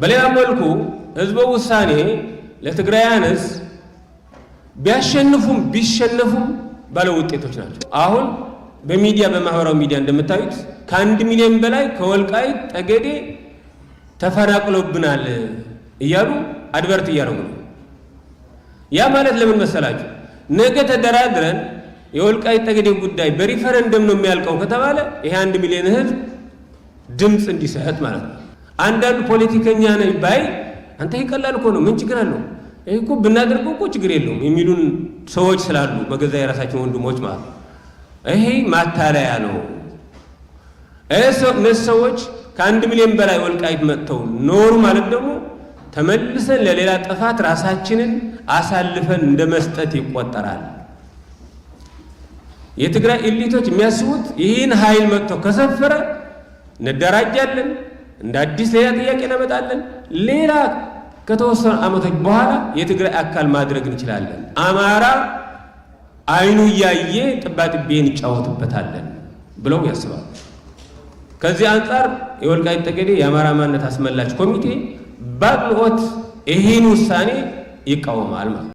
በሌላ መልኩ ህዝበ ውሳኔ ለትግራይ ቢያሸንፉም ቢሸነፉም ባለ ውጤቶች ናቸው። አሁን በሚዲያ በማህበራዊ ሚዲያ እንደምታዩት ከአንድ ሚሊዮን በላይ ከወልቃይት ጠገዴ ተፈናቅሎብናል እያሉ አድቨርት እያደረጉ ነው። ያ ማለት ለምን መሰላችሁ? ነገ ተደራድረን የወልቃይት ጠገዴ ጉዳይ በሪፈረንደም ነው የሚያልቀው ከተባለ ይሄ አንድ ሚሊዮን ህዝብ ድምፅ እንዲሰጥ ማለት ነው። አንዳንዱ ፖለቲከኛ ነኝ ባይ አንተ ይቀላል ቀላል እኮ ነው ምን ችግር አለው ይህ እኮ ብናደርገው እኮ ችግር የለውም የሚሉን ሰዎች ስላሉ በገዛ የራሳችን ወንድሞች ማለት ይሄ ማታለያ ነው። እነዚህ ሰዎች ከአንድ ሚሊዮን በላይ ወልቃይት መጥተው ኖሩ ማለት ደግሞ ተመልሰን ለሌላ ጥፋት ራሳችንን አሳልፈን እንደ መስጠት ይቆጠራል። የትግራይ ኢሊቶች የሚያስቡት ይህን ኃይል መጥተው ከሰፈረ እንደራጃለን እንደ አዲስ ሌላ ጥያቄ እናመጣለን። ሌላ ከተወሰኑ ዓመቶች በኋላ የትግራይ አካል ማድረግ እንችላለን። አማራ አይኑ እያየ ጥባጥቤ እንጫወትበታለን ብለው ያስባሉ። ከዚህ አንጻር የወልቃይት ጠገዴ የአማራ ማንነት አስመላች ኮሚቴ በአጽንኦት ይህን ውሳኔ ይቃወማል ማለት